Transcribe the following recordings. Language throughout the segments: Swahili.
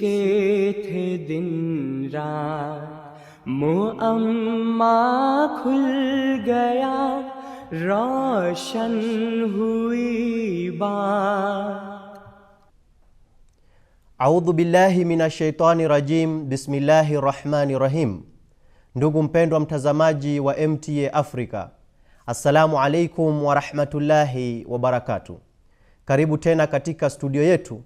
کے تھے دن थे दिन کھل گیا روشن ہوئی بات اعوذ باللہ من الشیطان الرجیم بسم اللہ rahmani rahim. Ndugu mpendwa mtazamaji wa MTA Africa, Assalamu alaikum warahmatullahi wabarakatu. Karibu tena katika studio yetu.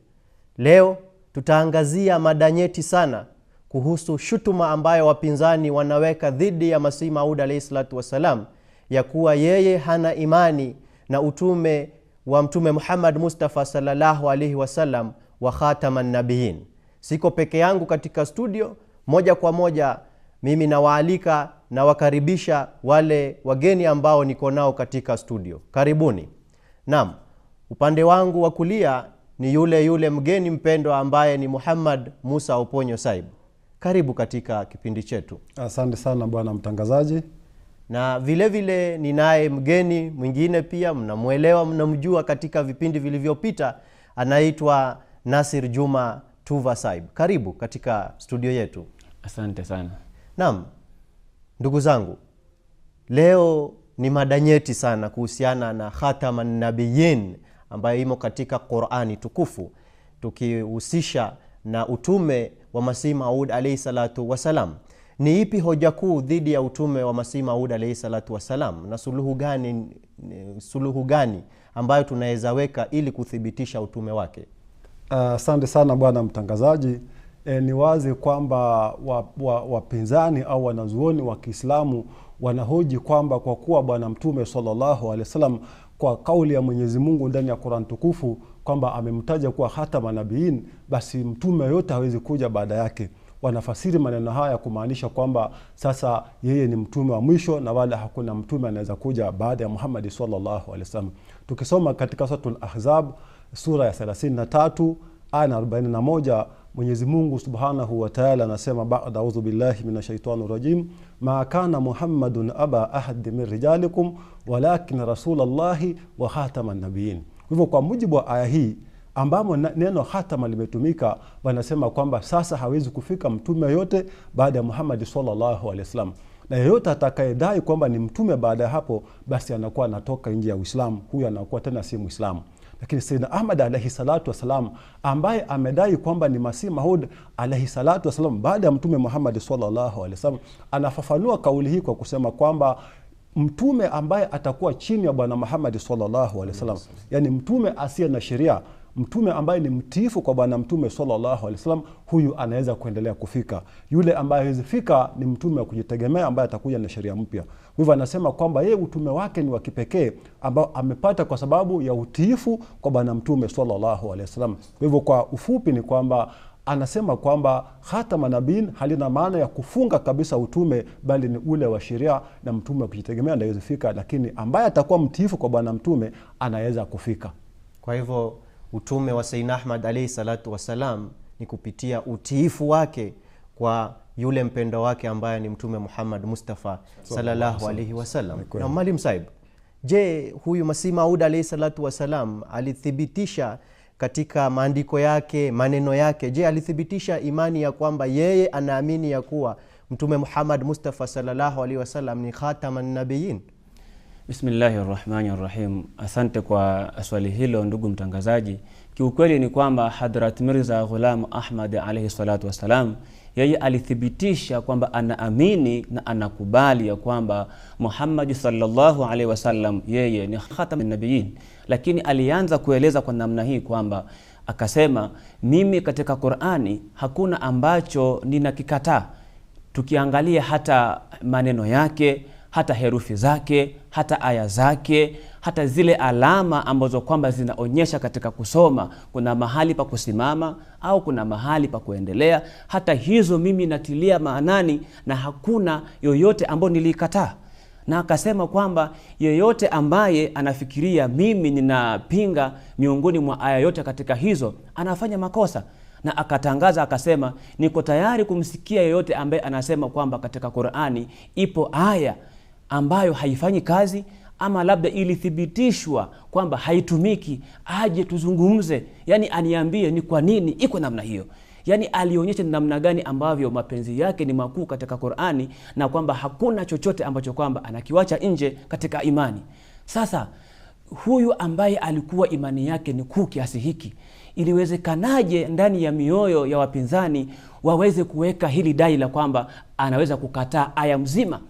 Leo tutaangazia mada nyeti sana kuhusu shutuma ambayo wapinzani wanaweka dhidi ya Masihi Maud alaihi salatu wassalam, ya kuwa yeye hana imani na utume wa Mtume Muhammad Mustafa sallallahu alaihi wasallam wa khataman nabiyin. Siko peke yangu katika studio, moja kwa moja mimi nawaalika nawakaribisha wale wageni ambao niko nao katika studio karibuni naam upande wangu wa kulia ni yule yule mgeni mpendwa ambaye ni muhammad musa oponyo saib karibu katika kipindi chetu asante sana bwana mtangazaji na vile vile ninaye mgeni mwingine pia mnamwelewa mnamjua katika vipindi vilivyopita anaitwa nasir juma tuva saib karibu katika studio yetu asante sana Naam, ndugu zangu, leo ni mada nyeti sana kuhusiana na khataman nabiyin ambayo imo katika Qurani tukufu tukihusisha na utume wa Masihi Maud alaihi salatu wassalam. Ni ipi hoja kuu dhidi ya utume wa Masihi Maud alaihi salatu wassalam, na suluhu gani, suluhu gani ambayo tunaweza weka ili kuthibitisha utume wake? Asante uh, sana bwana mtangazaji e, ni wazi kwamba wapinzani wa, wa au wanazuoni wa Kiislamu wanahoji kwamba kwa kuwa Bwana Mtume sallallahu alaihi wasallam kwa kauli ya Mwenyezi Mungu ndani ya Qur'an tukufu kwamba amemtaja kuwa hatama nabiin basi mtume yoyote hawezi kuja baada yake. Wanafasiri maneno haya kumaanisha kwamba sasa yeye ni mtume wa mwisho na wala hakuna mtume anaweza kuja baada ya muhamadi sallallahu Tukisoma katika Suratul sura ya 33 aya 41 Mwenyezi Mungu Subhanahu wa Ta'ala anasema bada audhu billahi minashaitani rajim, ma kana Muhammadun aba ahadi min rijalikum walakin rasulallahi wa khataman nabiyin. Kwa hivyo kwa mujibu wa aya hii ambamo neno hatama limetumika, wanasema kwamba sasa hawezi kufika mtume yoyote baada ya Muhammad sallallahu alaihi wasallam, na yeyote atakayedai kwamba ni mtume baada ya hapo, basi anakuwa anatoka nje ya Uislamu, huyo anakuwa tena si Muislamu. Lakini Sayyidina Ahmad alaihi salatu wassalam ambaye amedai kwamba ni Masih Maud alaihi salatu wassalam baada ya Mtume Muhammad sallallahu alaihi wasallam, anafafanua kauli hii kwa kusema kwamba mtume ambaye atakuwa chini ya Bwana Muhammad sallallahu alaihi wasallam, yani mtume asiye na sheria Mtume ambaye ni mtiifu kwa Bwana Mtume sallallahu alaihi wasallam, huyu anaweza kuendelea kufika. Yule ambaye hawezi fika ni mtume wa kujitegemea ambaye atakuja na sheria mpya. Kwa hivyo anasema kwamba yeye utume wake ni wa kipekee ambao amepata kwa sababu ya utiifu kwa Bwana Mtume sallallahu alaihi wasallam. Kwa hivyo kwa ufupi ni kwamba anasema kwamba hata manabii halina maana ya kufunga kabisa utume, bali ni ule wa sheria na mtume wa kujitegemea ndio lakini ambaye atakuwa mtiifu kwa Bwana Mtume anaweza kufika. Kwa hivyo utume wa Sayyidina Ahmad alaihi salatu wassalam ni kupitia utiifu wake kwa yule mpendo wake ambaye ni Mtume Muhammad Mustafa sallallahu alaihi wasallam. Na malim Saib, je, huyu Masihi Maud alaihi salatu wassalam alithibitisha katika maandiko yake maneno yake, je, alithibitisha imani ya kwamba yeye anaamini ya kuwa Mtume Muhammad Mustafa sallallahu alaihi wasallam ni khatama nabiyin? Bismillahi rahmani rahim. Asante kwa swali hilo ndugu mtangazaji. Kiukweli ni kwamba Hadrat Mirza Ghulam Ahmad alaihi salatu wassalam, yeye alithibitisha kwamba anaamini na anakubali ya kwamba Muhammad sallallahu alaihi wasallam yeye ni khatamun nabiyin, lakini alianza kueleza kwa namna hii kwamba akasema, mimi katika Qur'ani hakuna ambacho ninakikataa, tukiangalia hata maneno yake hata herufi zake, hata aya zake, hata zile alama ambazo kwamba zinaonyesha katika kusoma kuna mahali pa kusimama au kuna mahali pa kuendelea. Hata hizo mimi natilia maanani na hakuna yoyote ambayo niliikataa na akasema kwamba yeyote ambaye anafikiria mimi ninapinga miongoni mwa aya yote katika hizo anafanya makosa. Na akatangaza akasema, niko tayari kumsikia yeyote ambaye anasema kwamba katika Qur'ani ipo aya ambayo haifanyi kazi ama labda ilithibitishwa kwamba haitumiki, aje tuzungumze, yani aniambie ni kwa nini iko namna hiyo. Yani alionyesha ni namna gani ambavyo mapenzi yake ni makuu katika Qur'ani na kwamba hakuna chochote ambacho kwamba anakiwacha nje katika imani. Sasa huyu ambaye alikuwa imani yake ni kuu kiasi hiki, iliwezekanaje ndani ya mioyo ya wapinzani waweze kuweka hili dai la kwamba anaweza kukataa aya mzima?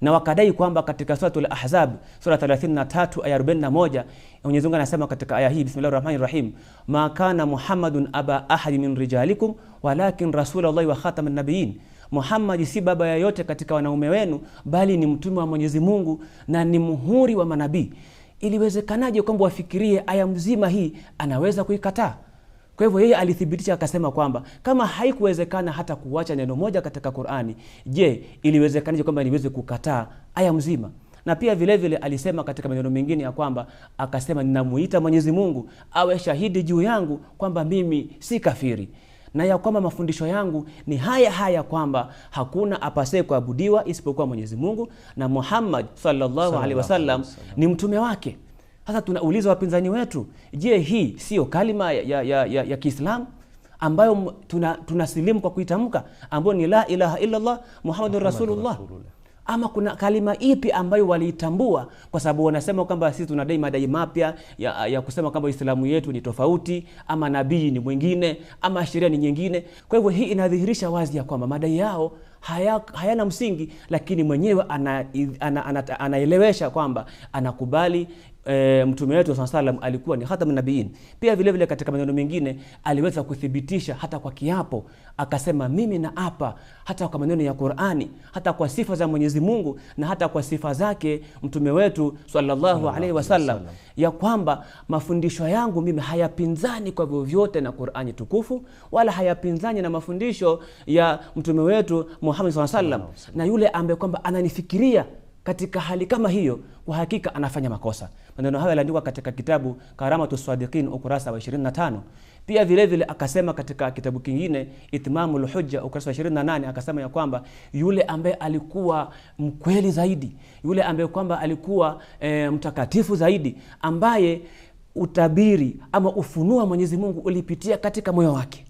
na wakadai kwamba katika suratul Ahzab sura 33 aya 41 Mwenyezi Mungu anasema katika aya hii, bismillahir rahmanir rahim, ma kana Muhammadun aba ahadi min rijalikum walakin rasulallahi wa khataman nabiyyin Muhammad si baba yeyote katika wanaume wenu, bali ni mtume wa Mwenyezi Mungu na ni muhuri wa manabii. Iliwezekanaje kwamba wafikirie aya mzima hii anaweza kuikataa? Kwa hivyo yeye alithibitisha akasema kwamba kama haikuwezekana hata kuacha neno moja katika Qur'ani, je, iliwezekanaje kwamba niweze kukataa aya mzima? Na pia vile vile alisema katika maneno mengine ya kwamba akasema, ninamuita Mwenyezi Mungu awe shahidi juu yangu kwamba mimi si kafiri na ya kwamba mafundisho yangu ni haya haya, kwamba hakuna apasee kuabudiwa isipokuwa Mwenyezi Mungu na Muhammad sallallahu alaihi wasallam ni mtume wake. Sasa tunauliza wapinzani wetu, je, hii sio kalima ya, ya, ya, ya Kiislamu ambayo tuna, kwa kuitamka ambayo ni la ilaha illallah Muhammadun Rasulullah? Ama kuna kalima ipi ambayo waliitambua? Kwa sababu wanasema kwamba sisi tunadai madai mapya ya, ya kusema kwamba Uislamu yetu ni tofauti, ama nabii ni mwingine, ama sheria ni nyingine. Kwa hivyo hii inadhihirisha wazi ya kwamba madai yao haya, hayana msingi, lakini mwenyewe ana, ana, ana, ana, anaelewesha kwamba anakubali Eh, mtume wetu saa salam alikuwa ni khatamun nabiin. Pia vile vile katika maneno mengine aliweza kuthibitisha hata kwa kiapo, akasema mimi na apa, hata kwa maneno ya Qur'ani, hata kwa sifa za Mwenyezi Mungu na hata kwa sifa zake mtume wetu sallallahu alaihi wasallam, ya kwamba mafundisho yangu mimi hayapinzani kwa vyovyote na Qur'ani tukufu, wala hayapinzani na mafundisho ya mtume wetu Muhammad sallallahu alaihi wasallam, na yule ambaye kwamba ananifikiria katika hali kama hiyo, kwa hakika anafanya makosa. Maneno hayo yaliandikwa katika kitabu Karamatu Swadiqin ukurasa wa 25. Pia vile vile akasema katika kitabu kingine Itmamul Hujja ukurasa wa 28, akasema ya kwamba yule ambaye alikuwa mkweli zaidi, yule ambaye kwamba alikuwa e, mtakatifu zaidi, ambaye utabiri ama ufunua Mwenyezi Mungu ulipitia katika moyo wake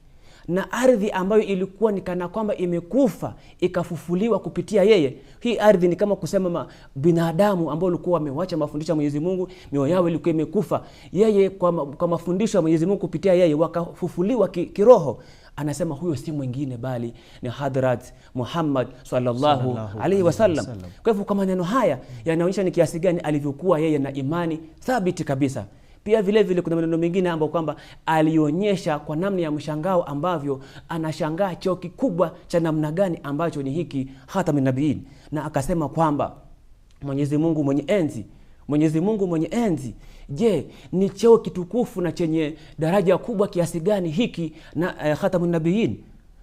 na ardhi ambayo ilikuwa ni kana kwamba imekufa ikafufuliwa kupitia yeye. Hii ardhi ni kama kusema ma, binadamu ambao walikuwa wamewacha mafundisho ya Mwenyezi Mungu, mioyo yao ilikuwa imekufa. Yeye kwa, kwa mafundisho ya Mwenyezi Mungu kupitia yeye wakafufuliwa ki, kiroho. Anasema huyo si mwingine bali ni Hadrat Muhammad sallallahu alaihi wasallam. Kwa hivyo kwa maneno haya yanaonyesha ni kiasi gani alivyokuwa yeye na imani thabiti kabisa. Pia vile vile kuna maneno mengine ambayo kwamba alionyesha kwa namna ya mshangao ambavyo anashangaa cheo kikubwa cha namna gani ambacho ni hiki hata minabiin, na akasema kwamba Mwenyezi Mungu mwenye enzi Mwenyezi Mungu mwenye enzi, je, ni cheo kitukufu na chenye daraja kubwa kiasi gani hiki na eh, khatamun nabiyin?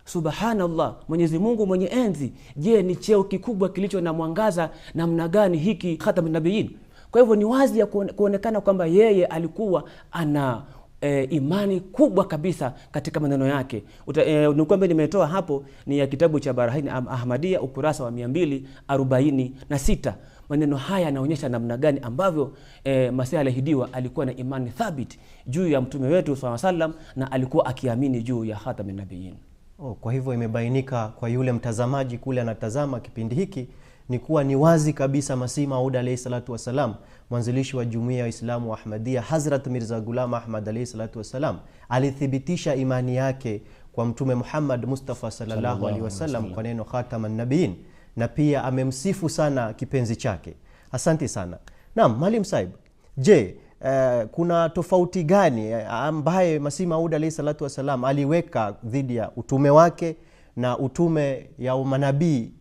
Subhanallah, Mwenyezi Mungu mwenye enzi, je, ni cheo kikubwa kilicho na mwangaza namna gani hiki khatamun nabiyin? Kwa hivyo ni wazi ya kuonekana kwamba yeye alikuwa ana e, imani kubwa kabisa katika maneno yake. E, eh, nukuu nimetoa hapo ni ya kitabu cha Barahin Ahmadia ukurasa wa 246. Maneno haya yanaonyesha namna gani ambavyo e, Masihi aliahidiwa alikuwa na imani thabiti juu ya mtume wetu swalla salam, na alikuwa akiamini juu ya khatamin nabiyin. Oh, kwa hivyo imebainika kwa yule mtazamaji kule anatazama kipindi hiki ni kuwa ni wazi kabisa Masihi Maud alayhi salatu wassalam, mwanzilishi wa jumuia ya Waislamu wa ahmadia Hazrat Mirza gulam Ahmad alayhi salatu wassalam, alithibitisha imani yake kwa Mtume Muhammad Mustafa sallallahu wasallam kwa neno khatama nabiin, na pia amemsifu sana kipenzi chake. asanti sana. nam mwalim Saib, je, Uh, kuna tofauti gani eh, ambaye Masihi Maud alahi salatu wassalam aliweka dhidi ya utume wake na utume ya manabii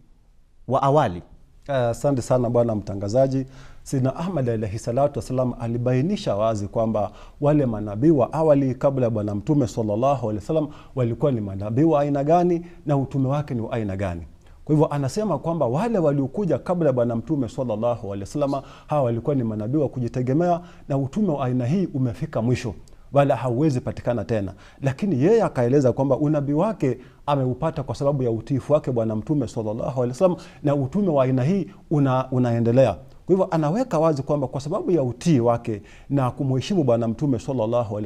wa awali? Eh, asante uh, sana bwana mtangazaji. Sina Ahmad alaihi salatu wassalam alibainisha wazi kwamba wale manabii wa awali kabla ya Bwana Mtume sallallahu alaihi wasallam walikuwa ni manabii wa aina gani na utume wake ni wa aina gani. Kwa hivyo anasema kwamba wale waliokuja kabla ya Bwana Mtume sallallahu alaihi wasallam hawa walikuwa ni manabii wa kujitegemea na utume wa aina hii umefika mwisho wala hauwezi patikana tena, lakini yeye akaeleza kwamba unabii wake ameupata kwa sababu ya utiifu wake Bwana Mtume sallallahu alaihi wasallam, na utume wa aina hii una, unaendelea. Kwa hivyo anaweka wazi kwamba kwa sababu ya utii wake na kumuheshimu Bwana Mtume sallallahu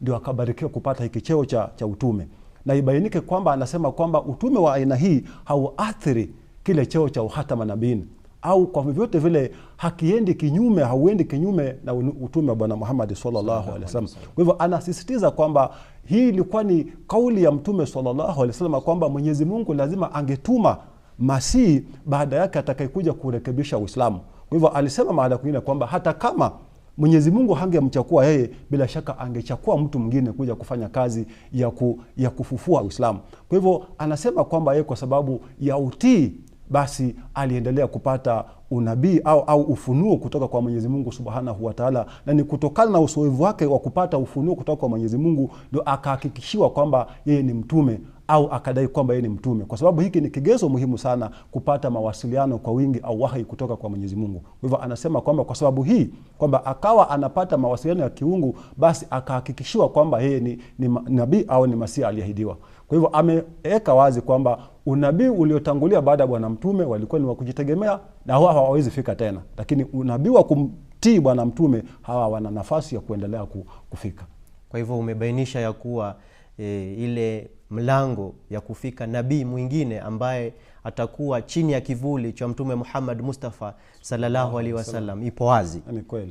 ndio akabarikiwa kupata hiki cheo cha, cha utume, na ibainike kwamba anasema kwamba utume wa aina hii hauathiri kile cheo cha uhatama nabiini au kwa vyovyote vile hakiendi kinyume, hauendi kinyume na utume wa Bwana muhamadi salllahu alaihi wasalam Kwa hivyo anasisitiza kwamba hii ilikuwa ni kauli ya Mtume salllahu alaihi wasallam kwamba Mwenyezi Mungu lazima angetuma Masihi baada yake atakayekuja kurekebisha Uislamu. Kwa hivyo alisema mahala kwingine kwamba hata kama Mwenyezi Mungu hangemchakua yeye, bila shaka angechakua mtu mwingine kuja kufanya kazi ya, ku, ya kufufua Uislamu. Kwa hivyo anasema kwamba yeye kwa sababu ya utii basi aliendelea kupata unabii au, au ufunuo kutoka kwa Mwenyezi Mungu subhanahu wataala na ni kutokana na usoevu wake wa kupata ufunuo kutoka kwa Mwenyezi Mungu ndio akahakikishiwa kwamba yeye ni mtume au akadai kwamba yeye ni mtume, kwa sababu hiki ni kigezo muhimu sana kupata mawasiliano kwa wingi au wahi kutoka kwa Mwenyezi Mungu. Kwa hivyo anasema kwamba kwa sababu hii kwamba akawa anapata mawasiliano ya kiungu, basi akahakikishiwa kwamba yeye ni, ni nabii au ni masia aliyahidiwa kwa hivyo ameweka wazi kwamba unabii uliotangulia baada ya Bwana Mtume walikuwa ni wa kujitegemea na hawa hawawezi fika tena, lakini unabii wa kumtii Bwana Mtume hawa wana nafasi ya kuendelea kufika. Kwa hivyo umebainisha ya kuwa e, ile mlango ya kufika nabii mwingine ambaye atakuwa chini ya kivuli cha Mtume Muhammad Mustafa sallallahu alaihi wasallam ipo wazi.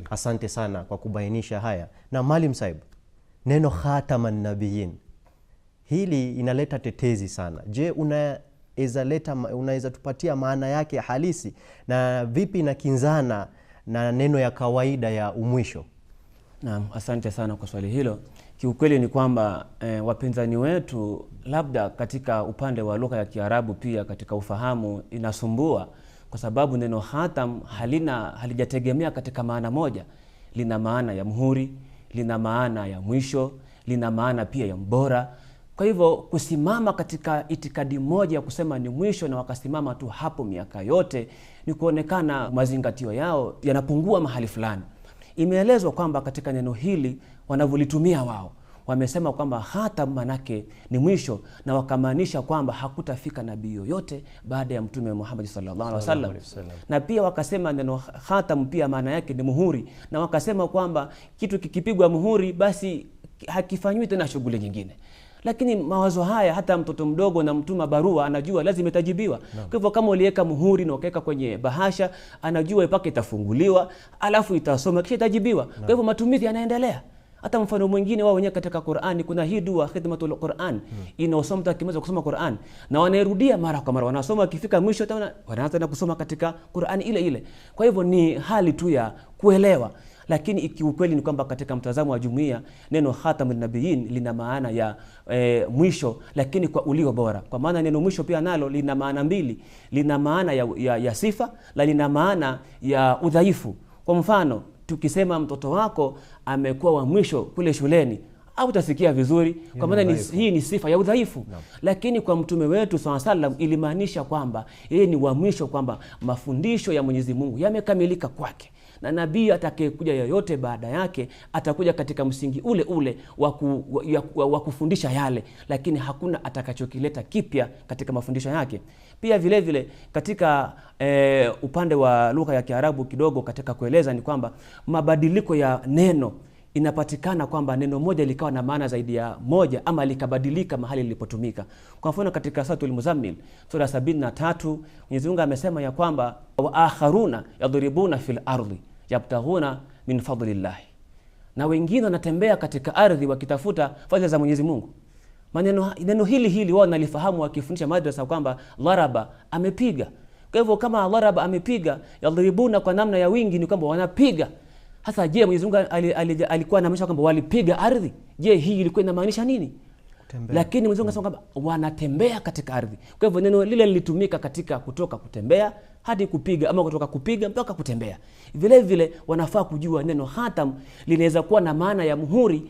Asante sana kwa kubainisha haya. Na Maalim Saib, neno khataman nabiyin hili inaleta tetezi sana. Je, unaweza leta unaweza tupatia maana yake halisi na vipi inakinzana na neno ya kawaida ya umwisho? Naam, asante sana kwa swali hilo. Kiukweli ni kwamba e, wapinzani wetu labda katika upande wa lugha ya Kiarabu pia katika ufahamu inasumbua, kwa sababu neno hatam halina halijategemea katika maana moja. Lina maana ya mhuri lina maana ya mwisho, lina maana pia ya mbora. Kwa hivyo kusimama katika itikadi moja ya kusema ni mwisho na wakasimama tu hapo miaka yote, ni kuonekana mazingatio yao yanapungua mahali fulani. Imeelezwa kwamba katika neno hili wanavyolitumia wao wamesema kwamba hata manake ni mwisho, na wakamaanisha kwamba hakutafika nabii yoyote baada ya Mtume Muhammad sallallahu alaihi wasallam. Na pia wakasema neno hatam pia maana yake ni muhuri, na wakasema kwamba kitu kikipigwa muhuri basi hakifanywi tena shughuli nyingine lakini mawazo haya hata mtoto mdogo na mtuma barua anajua lazima itajibiwa. Kwa hivyo kama uliweka muhuri na ukaweka kwenye bahasha, anajua ipaka itafunguliwa, alafu itasoma kisha itajibiwa. Kwa hivyo matumizi yanaendelea hata mfano mwingine wao wenyewe katika Qur'ani kuna hii dua khidmatul Qur'an hmm. inaosoma mtu akimaliza kusoma Qur'an na wanairudia mara kwa mara, wanasoma akifika mwisho tena wanaanza na kusoma katika Qur'ani ile ile. Kwa hivyo ni hali tu ya kuelewa lakini ikiukweli ni kwamba katika mtazamo wa jumuiya neno khatamun nabiyin lina maana ya e, mwisho, lakini kwa ulio bora, kwa maana neno mwisho pia nalo lina maana mbili, lina maana ya, ya, ya sifa na lina maana ya udhaifu. Kwa mfano tukisema mtoto wako amekuwa wa mwisho kule shuleni au tasikia vizuri kwa maana hii ni sifa ya udhaifu no. Lakini kwa mtume wetu swalla salam ilimaanisha kwamba yeye ni wa mwisho, kwamba mafundisho ya Mwenyezi Mungu yamekamilika kwake na nabii atakayekuja yoyote baada yake atakuja katika msingi ule ule wa kufundisha yale, lakini hakuna atakachokileta kipya katika mafundisho yake. Pia vilevile vile, katika e, upande wa lugha ya Kiarabu kidogo katika kueleza ni kwamba mabadiliko ya neno inapatikana kwamba neno moja likawa na maana zaidi ya moja ama likabadilika mahali lilipotumika. Kwa mfano katika Suratul Muzammil sura 73 Mwenyezi Mungu amesema ya kwamba waakharuna yadhribuna fil ardhi yabtaghuna min fadlillah, na wengine wanatembea katika ardhi wakitafuta fadhila za Mwenyezi Mungu. Maneno neno hili hili wao nalifahamu wakifundisha madrasa kwamba dharaba amepiga. Kwa hivyo kama dharaba amepiga, yadhribuna kwa namna ya wingi ni kwamba wanapiga. Hasa je, Mwenyezi Mungu alikuwa anamaanisha kwamba walipiga ardhi? Je, hii ilikuwa inamaanisha nini? kutembea. Lakini Mwenyezi Mungu anasema kwamba wanatembea katika ardhi. Kwa hivyo neno lile lilitumika katika kutoka kutembea hadi kupiga ama kutoka kupiga mpaka kutembea. Vile vile wanafaa kujua neno hatam linaweza kuwa na maana ya muhuri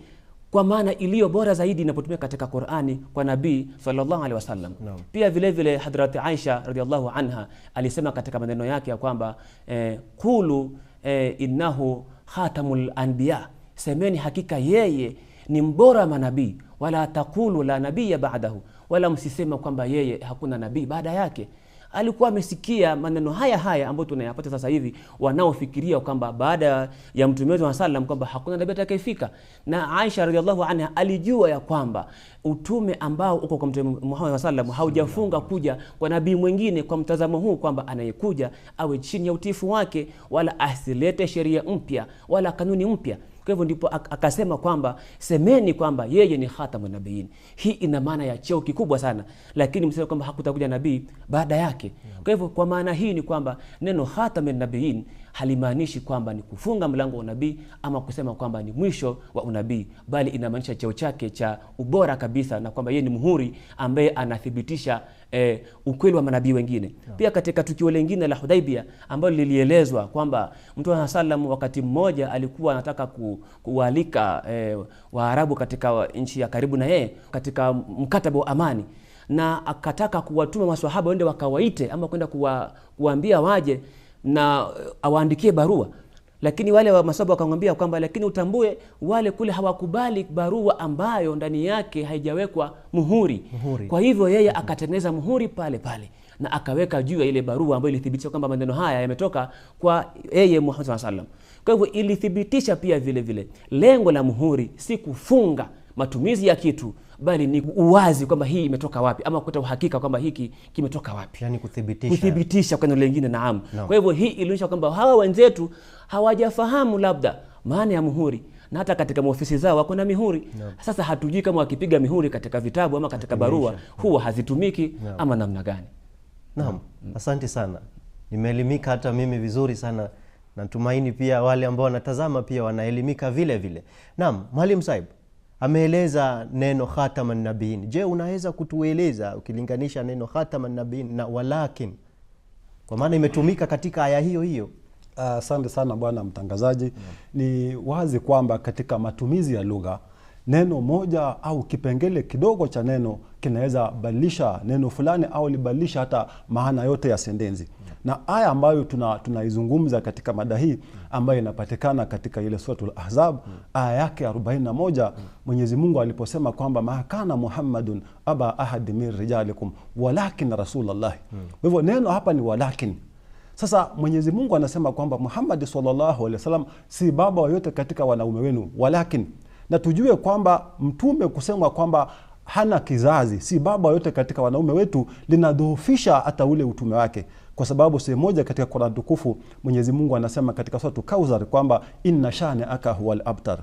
kwa maana iliyo bora zaidi inapotumika katika Qur'ani kwa Nabii sallallahu alaihi wasallam. No. Pia vile vile Hadhrat Aisha radhiallahu anha alisema katika maneno yake ya kwamba eh, kulu eh, innahu hatamul anbiya, semeni hakika yeye ni mbora manabii wala takulu la nabiya ba'dahu, wala msisema kwamba yeye hakuna nabii baada yake. Alikuwa amesikia maneno haya haya ambayo tunayapata sasa hivi, wanaofikiria kwamba baada ya mtume wetu sallam kwamba hakuna nabii atakayefika. Na Aisha radhiallahu anha alijua ya kwamba utume ambao uko kwa mtume Muhammad sallam haujafunga kuja kwa nabii mwingine, kwa mtazamo huu kwamba anayekuja awe chini ya utiifu wake, wala asilete sheria mpya wala kanuni mpya. Kwa hivyo ndipo akasema kwamba semeni kwamba yeye ni khatamun nabiin Hii ina maana ya cheo kikubwa sana, lakini msema kwamba hakutakuja nabii baada yake. Kwa hivyo kwa maana hii ni kwamba neno khatamun nabiyin halimaanishi kwamba ni kufunga mlango wa unabii ama kusema kwamba ni mwisho wa unabii, bali inamaanisha cheo chake cha ubora kabisa, na kwamba yeye ni muhuri ambaye anathibitisha eh, ukweli wa manabii wengine yeah. Pia katika tukio lingine la Hudaibia ambalo lilielezwa kwamba mtu wa salam wakati mmoja alikuwa anataka ku, kualika eh, Waarabu katika nchi ya karibu na yeye katika mkataba wa amani na akataka kuwatuma maswahaba waende wakawaite ama kwenda kuwa, kuwaambia waje na awaandikie barua lakini wale wa masaba wakamwambia kwamba lakini utambue wale kule hawakubali barua ambayo ndani yake haijawekwa muhuri. muhuri. Kwa hivyo yeye akatengeneza muhuri pale pale na akaweka juu ya ile barua ambayo ilithibitisha kwamba maneno haya yametoka kwa yeye Muhammad salam Kwa hivyo ilithibitisha pia vile vile lengo la muhuri si kufunga matumizi ya kitu, bali ni uwazi kwamba hii imetoka wapi, ama kuta uhakika kwamba hiki kimetoka wapi, yani kuthibitisha, kuthibitisha kwa neno lingine. Naam, no. Kwa hivyo hii ilionyesha kwamba hawa wenzetu hawajafahamu labda maana ya muhuri na hata katika maofisi zao wako na mihuri no. Sasa hatujui kama wakipiga mihuri katika vitabu ama katika barua huwa hazitumiki no. ama namna gani? Naam, mm. asante sana, nimeelimika hata mimi vizuri sana. Natumaini pia wale ambao wanatazama pia wanaelimika vile vile. Naam, Mwalimu saibu ameeleza neno khatama nabiin. Je, unaweza kutueleza ukilinganisha neno khatama nabiin na walakin, kwa maana imetumika katika aya hiyo hiyo? Asante uh, sana bwana mtangazaji yeah. Ni wazi kwamba katika matumizi ya lugha neno moja au kipengele kidogo cha neno kinaweza badilisha neno fulani au libadilisha hata maana yote ya mm. na aya ambayo tunaizungumza tuna katika mada hii ambayo inapatikana katika ile Suratul Ahzab mm. aya yake 41 mm. Mwenyezi Mungu aliposema kwamba makana Muhammadun aba ahadi min rijalikum walakin rasulallahi. Kwa mm. hivyo neno hapa ni walakin. Sasa Mwenyezi Mungu anasema kwamba Muhammad sallallahu alaihi wasallam si baba yoyote katika wanaume wenu, walakin na tujue kwamba mtume kusema kwamba hana kizazi, si baba yote katika wanaume wetu, linadhoofisha hata ule utume wake, kwa sababu sehemu moja katika Qur'an tukufu Mwenyezi Mungu anasema katika sura Kauthar kwamba inna shani aka huwa abtar,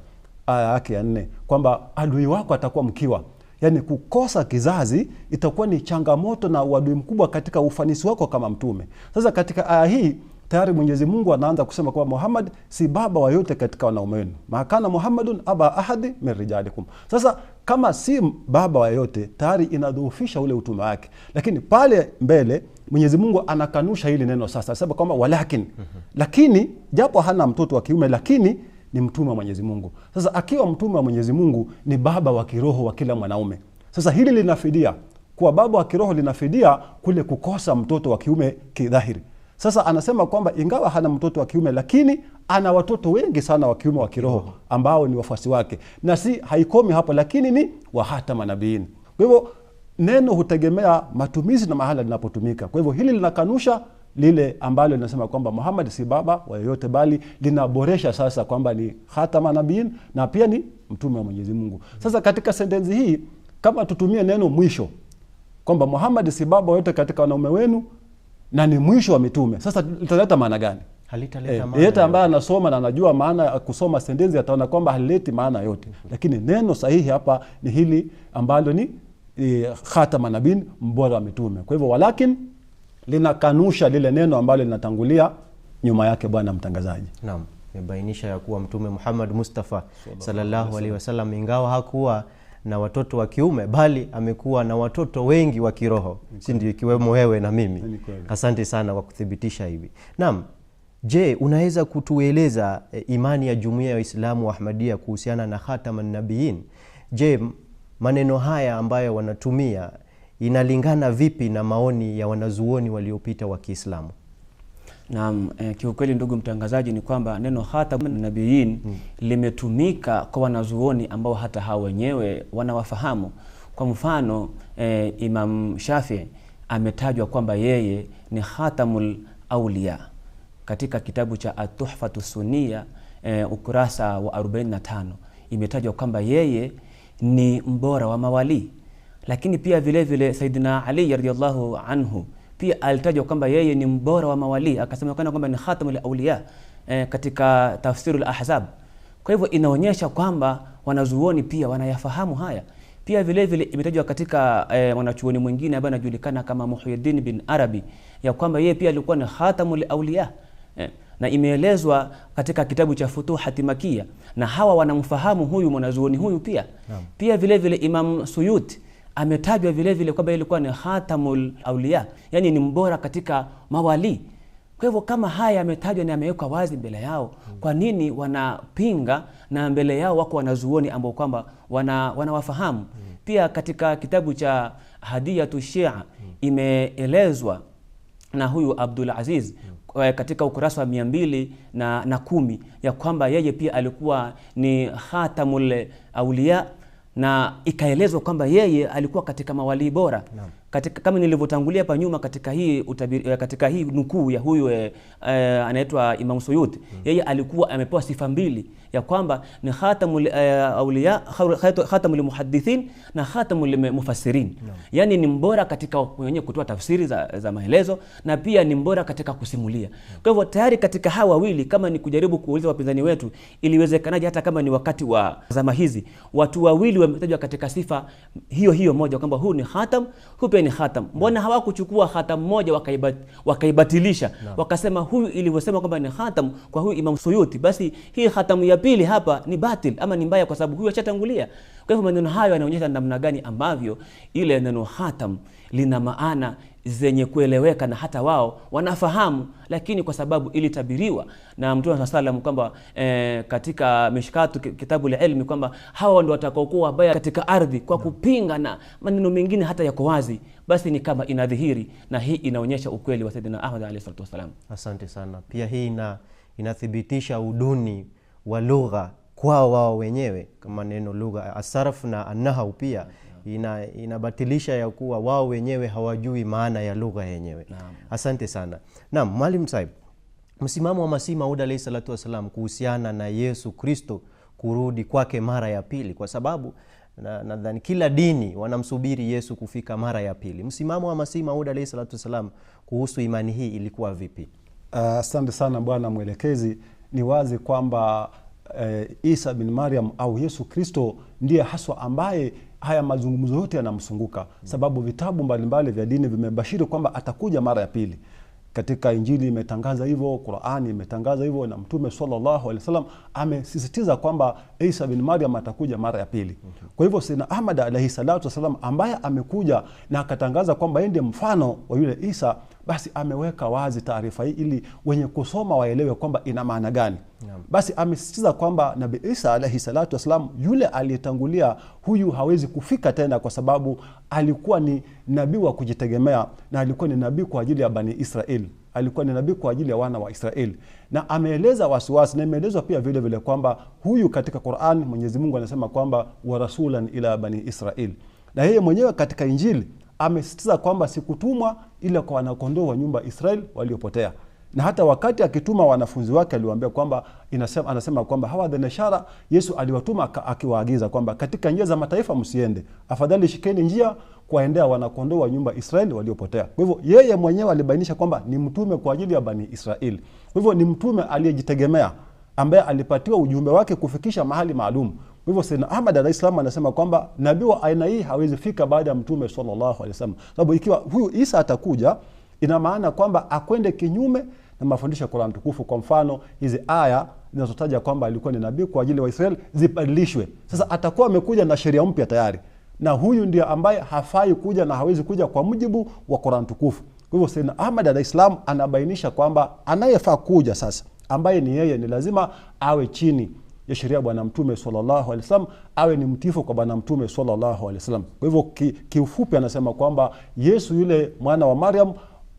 aya yake ya nne, kwamba adui wako atakuwa mkiwa. Yani kukosa kizazi itakuwa ni changamoto na uadui mkubwa katika ufanisi wako kama mtume. Sasa katika aya hii tayari Mwenyezi Mungu anaanza kusema kwamba Muhammad si baba wa yote katika wanaume wenu, makana Muhammadun aba ahadi min rijalikum. Sasa kama si baba wa yote tayari inadhoofisha ule utume wake, lakini pale mbele Mwenyezi Mungu anakanusha hili neno sasa, sema kwamba walakin, mhm. lakini japo hana mtoto wa kiume lakini ni mtume wa Mwenyezi Mungu. Sasa akiwa mtume wa Mwenyezi Mungu ni baba wa kiroho wa kila mwanaume. Sasa hili linafidia kuwa baba wa kiroho linafidia kule kukosa mtoto wa kiume kidhahiri. Sasa anasema kwamba ingawa hana mtoto wa kiume, lakini ana watoto wengi sana wa kiume wa kiroho ambao ni wafuasi wake, na si haikomi hapo, lakini ni wahata manabiini. Kwa hivyo neno hutegemea matumizi na mahala linapotumika. Kwa hivyo hili linakanusha lile ambalo linasema kwamba Muhammad si baba wa yoyote, bali linaboresha sasa kwamba ni hatama nabiin na pia ni mtume wa Mwenyezi Mungu. Sasa katika sentensi hii, kama tutumie neno mwisho kwamba Muhammad si baba wa yote katika wanaume wenu na ni mwisho wa mitume. Sasa litaleta maana gani? Halitaleta eh, maana. Yeye ambaye anasoma na anajua maana ya kusoma sentensi ataona kwamba halileti maana yote, mm-hmm. lakini neno sahihi hapa ni hili ambalo ni e, khatama nabin, mbora wa mitume. Kwa hivyo walakin linakanusha lile neno ambalo linatangulia nyuma yake. Bwana mtangazaji, naam, imebainisha ya kuwa Mtume Muhammad Mustafa sallallahu alaihi wasallam ingawa hakuwa na watoto wa kiume bali amekuwa na watoto wengi wa kiroho si ndio ikiwemo wewe na mimi asante sana kwa kuthibitisha hivi nam je unaweza kutueleza e, imani ya jumuia ya waislamu wa ahmadia kuhusiana na khataman nabiin je maneno haya ambayo wanatumia inalingana vipi na maoni ya wanazuoni waliopita wa kiislamu Naam, eh, kiukweli ndugu mtangazaji ni kwamba neno khatamun nabiyin hmm, limetumika kwa wanazuoni ambao hata hao wenyewe wanawafahamu. Kwa mfano eh, Imam Shafi ametajwa kwamba yeye ni khatamul aulia katika kitabu cha Atuhfatu Sunia eh, ukurasa wa 45 imetajwa kwamba yeye ni mbora wa mawali lakini pia vilevile Saidina Ali radiallahu anhu pia alitajwa kwamba yeye ni mbora wa mawalii, akasemekana kwamba ni khatamul auliya e, eh, katika al ahzab. Kwa hivyo inaonyesha kwamba wanazuoni pia wanayafahamu haya. Pia vile vile imetajwa katika e, mwanachuoni mwingine ambaye anajulikana kama Muhyiddin bin Arabi ya kwamba yeye pia alikuwa ni khatamul auliya e, eh, na imeelezwa katika kitabu cha Futuhati Makia, na hawa wanamfahamu huyu mwanazuoni huyu pia yeah. Pia vile vile Imam Suyuti ametajwa vile vile kwamba ilikuwa ni hatamul aulia, yani ni mbora katika mawalii. Kwa hivyo kama haya yametajwa na amewekwa wazi mbele yao, kwa nini wanapinga na mbele yao wako wanazuoni ambao kwamba wana, wanawafahamu? Pia katika kitabu cha Hadiyatu Shia imeelezwa na huyu Abdul Aziz eh, katika ukurasa wa mia mbili na, na kumi ya kwamba yeye pia alikuwa ni hatamul aulia na ikaelezwa kwamba yeye alikuwa katika mawalii bora katika, kama nilivyotangulia pa nyuma katika hii, utabiri, eh, katika hii nukuu ya huyu e, e, anaitwa Imam Suyuti mm. Yeye alikuwa amepewa sifa mbili ya kwamba ni khatamul e, auliya khatamul muhaddithin na khatamul mufassirin no. Yani ni mbora katika wenye kutoa tafsiri za, za maelezo na pia ni mbora katika kusimulia mm. Kwa hivyo tayari katika hawa wawili, kama ni kujaribu kuuliza wapinzani wetu iliwezekanaje hata kama ni wakati wa zama hizi watu wawili wametajwa katika sifa hiyo hiyo moja kwamba huu ni khatam kupe ni khatam. Mbona mm. hawakuchukua khatam moja wakaibat, wakaibatilisha no. Mm. Wakasema huyu ilivyosema kwamba ni khatam kwa huyu Imam Suyuti, basi hii hatamu ya pili hapa ni batil ama ni mbaya, kwa sababu huyu ashatangulia. Kwa hivyo maneno hayo yanaonyesha namna gani ambavyo ile neno khatam lina maana zenye kueleweka na hata wao wanafahamu, lakini kwa sababu ilitabiriwa na Mtume saa salam kwamba e, katika Mishkatu kitabu la ilmi kwamba hawa ndio watakaokuwa wabaya katika ardhi kwa kupinga, na maneno mengine hata yako wazi, basi ni kama inadhihiri, na hii inaonyesha ukweli wa Saidina Ahmad alayhi salatu wasalam. Asante sana. Pia hii ina inathibitisha uduni wa lugha kwao wao wenyewe, kama neno lugha asarf na anahau pia ina, inabatilisha ya kuwa wao wenyewe hawajui maana ya lugha yenyewe. Naam. Asante sana. Naam, Mwalimu Saib, msimamo wa Masihi Maud alaihi salatu wassalam kuhusiana na Yesu Kristo kurudi kwake mara ya pili, kwa sababu nadhani na kila dini wanamsubiri Yesu kufika mara ya pili. Msimamo wa Masihi Maud alaihi salatu wassalam kuhusu imani hii ilikuwa vipi? Uh, asante uh, sana bwana mwelekezi. Ni wazi kwamba uh, Isa bin Mariam au Yesu Kristo ndiye haswa ambaye haya mazungumzo yote yanamsunguka, sababu vitabu mbalimbali vya dini vimebashiri kwamba atakuja mara ya pili. Katika Injili imetangaza hivyo, Qurani imetangaza hivyo, na Mtume sallallahu alaihi wasallam amesisitiza kwamba Isa bin Maryam atakuja mara ya pili. Kwa hivyo sina Ahmad alaihi salatu wassalam, ambaye amekuja na akatangaza kwamba yeye mfano wa yule Isa basi ameweka wazi taarifa hii ili wenye kusoma waelewe kwamba ina maana gani. Yeah. Basi amesisitiza kwamba Nabi Isa alaihi salatu wassalam, yule aliyetangulia huyu hawezi kufika tena, kwa sababu alikuwa ni nabii wa kujitegemea na alikuwa ni nabii kwa ajili ya Bani israel alikuwa ni nabii kwa ajili ya wana wa Israeli, na ameeleza wasiwasi na imeelezwa pia vile vile kwamba huyu katika Qur'an Mwenyezi Mungu anasema kwamba warasulan ila bani Israel, na yeye mwenyewe katika Injili amesitiza kwamba sikutumwa ila kwa wanakondoo wa nyumba Israel waliopotea na hata wakati akituma wanafunzi wake aliwambia kwamba inasema, anasema kwamba hawa dhanashara Yesu aliwatuma akiwaagiza kwamba katika njia za mataifa msiende, afadhali shikeni njia kuwaendea wanakondoo wa nyumba Israeli waliopotea. Kwa hivyo yeye mwenyewe alibainisha kwamba ni mtume kwa ajili ya bani Israeli. Kwa hivyo ni mtume aliyejitegemea ambaye alipatiwa ujumbe wake kufikisha mahali maalum. Kwa hivyo Sayyidina Ahmad alayhi salam anasema kwamba nabii wa aina hii hawezi fika baada ya Mtume sallallahu alaihi wasallam, sababu ikiwa huyu Isa atakuja, ina maana kwamba akwende kinyume na mafundisho ya Qur'an tukufu. Kwa mfano hizi aya zinazotaja kwamba alikuwa ni nabii kwa ajili ya Waisraeli zibadilishwe, sasa atakuwa amekuja na sheria mpya tayari, na huyu ndiye ambaye hafai kuja na hawezi kuja kwa mujibu wa Qur'an tukufu. Kwa hivyo Sayyidina Ahmad alayhi salam anabainisha kwamba anayefaa kuja sasa ambaye ni yeye ni lazima awe chini ya sheria ya Bwana Mtume sallallahu alaihi wasallam, awe ni mtifu kwa Bwana Mtume sallallahu alaihi wasallam. Kwa hivyo kiufupi, ki anasema kwamba Yesu yule mwana wa Mariam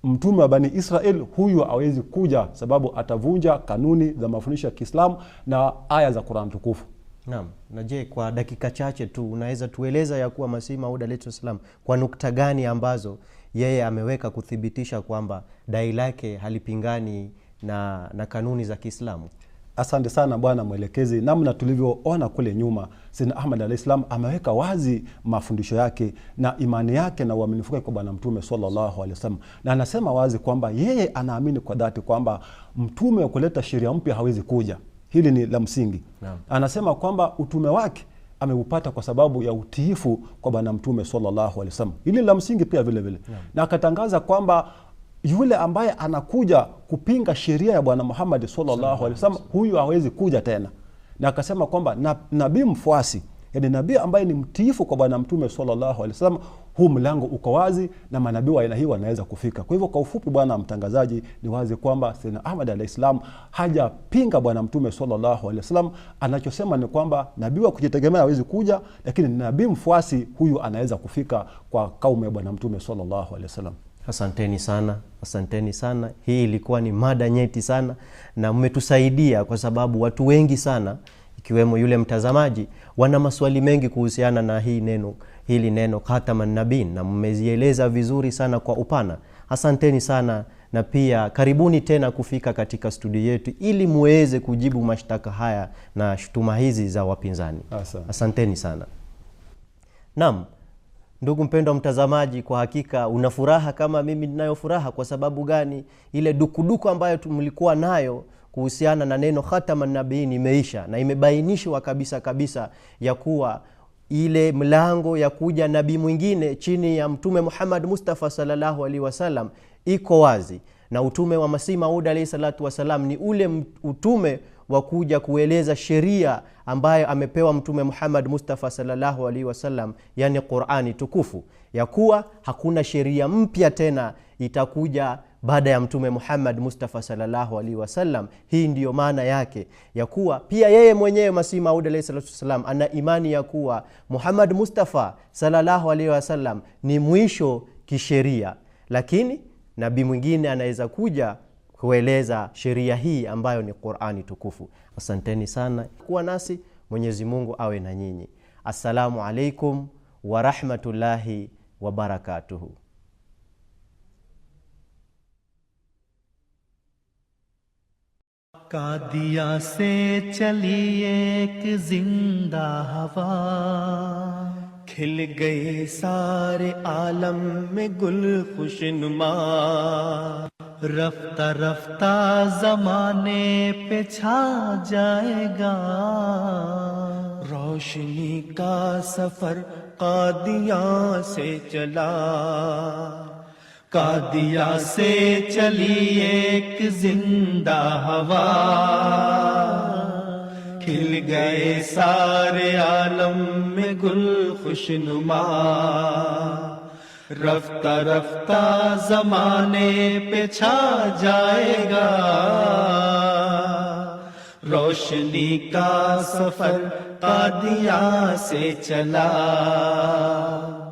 mtume wa Bani Israel huyu hawezi kuja, sababu atavunja kanuni za mafundisho ya Kiislamu na aya za Qur'an tukufu. Naam. Na je, kwa dakika chache tu unaweza tueleza ya kuwa Masihi Maud alayhi salam kwa nukta gani ambazo yeye ameweka kuthibitisha kwamba dai lake halipingani na, na kanuni za Kiislamu? Asante sana bwana mwelekezi. Namna tulivyoona kule nyuma, Sayyidna Ahmad alaihis salam ameweka wazi mafundisho yake na imani yake na uaminifu wake kwa Bwana Mtume sallallahu alaihi wasallam, na anasema wazi kwamba yeye anaamini kwa dhati kwamba mtume wa kuleta sheria mpya hawezi kuja. Hili ni la msingi. Anasema kwamba utume wake ameupata kwa sababu ya utiifu kwa Bwana Mtume sallallahu alaihi wasallam. Hili la msingi pia vile vile, na akatangaza kwamba yule ambaye anakuja kupinga sheria ya Bwana muhamadi sallallahu huyu awezi kuja tena. Na akasema kwamba na, nabii mfuasi yani nabii ambaye ni mtiifu kwa Bwana Mtume sallallahu huu mlango uko wazi na manabii wa aina hii wanaweza kufika. Kwa hivyo kwa ufupi, bwana mtangazaji, ni wazi kwamba Sayyidina Ahmad alahissalam hajapinga Bwana Mtume sallallahu Anachosema ni kwamba nabii wa kujitegemea awezi kuja, lakini nabii mfuasi huyu anaweza kufika kwa kaumu ya Bwana Mtume sallallahu Asanteni sana. Asanteni sana, hii ilikuwa ni mada nyeti sana na mmetusaidia, kwa sababu watu wengi sana ikiwemo yule mtazamaji wana maswali mengi kuhusiana na hii neno hili neno khataman nabin, na mmezieleza vizuri sana kwa upana. Asanteni sana na pia karibuni tena kufika katika studio yetu ili muweze kujibu mashtaka haya na shutuma hizi za wapinzani. Asanteni sana. Naam. Ndugu mpendwa mtazamaji, kwa hakika una furaha kama mimi ninayo furaha. Kwa sababu gani? Ile dukuduku ambayo mlikuwa nayo kuhusiana na neno khataman nabiin imeisha na imebainishwa kabisa kabisa ya kuwa ile mlango ya kuja nabii mwingine chini ya Mtume Muhammad Mustafa sallallahu alaihi wasallam iko wazi, na utume wa Masihi Maud alahi salatu wassalam ni ule utume wa kuja kueleza sheria ambayo amepewa Mtume Muhammad Mustafa sallallahu alaihi wasallam, yani Qurani tukufu, ya kuwa hakuna sheria mpya tena itakuja baada ya Mtume Muhammad Mustafa sallallahu alaihi wasallam. Hii ndiyo maana yake ya kuwa pia yeye mwenyewe Masihi Maud alahi salatu wassalam ana imani ya kuwa Muhammad Mustafa sallallahu alaihi wasallam ni mwisho kisheria, lakini nabii mwingine anaweza kuja hueleza sheria hii ambayo ni Qur'ani tukufu. Asanteni sana kuwa nasi. Mwenyezi Mungu awe na nyinyi. Assalamu alaikum wa rahmatullahi wa Qadian से चली एक जिंदा हवा खिल गए सारे आलम में गुल खुशनुमा رفتہ رفتہ زمانے پہ چھا جائے گا روشنی کا سفر قادیاں سے چلا قادیا سے چلی ایک زندہ ہوا کھل گئے سارے عالم میں گل خوش نما رفتہ رفتہ زمانے پہ چھا جائے گا روشنی کا سفر قادیہ سے چلا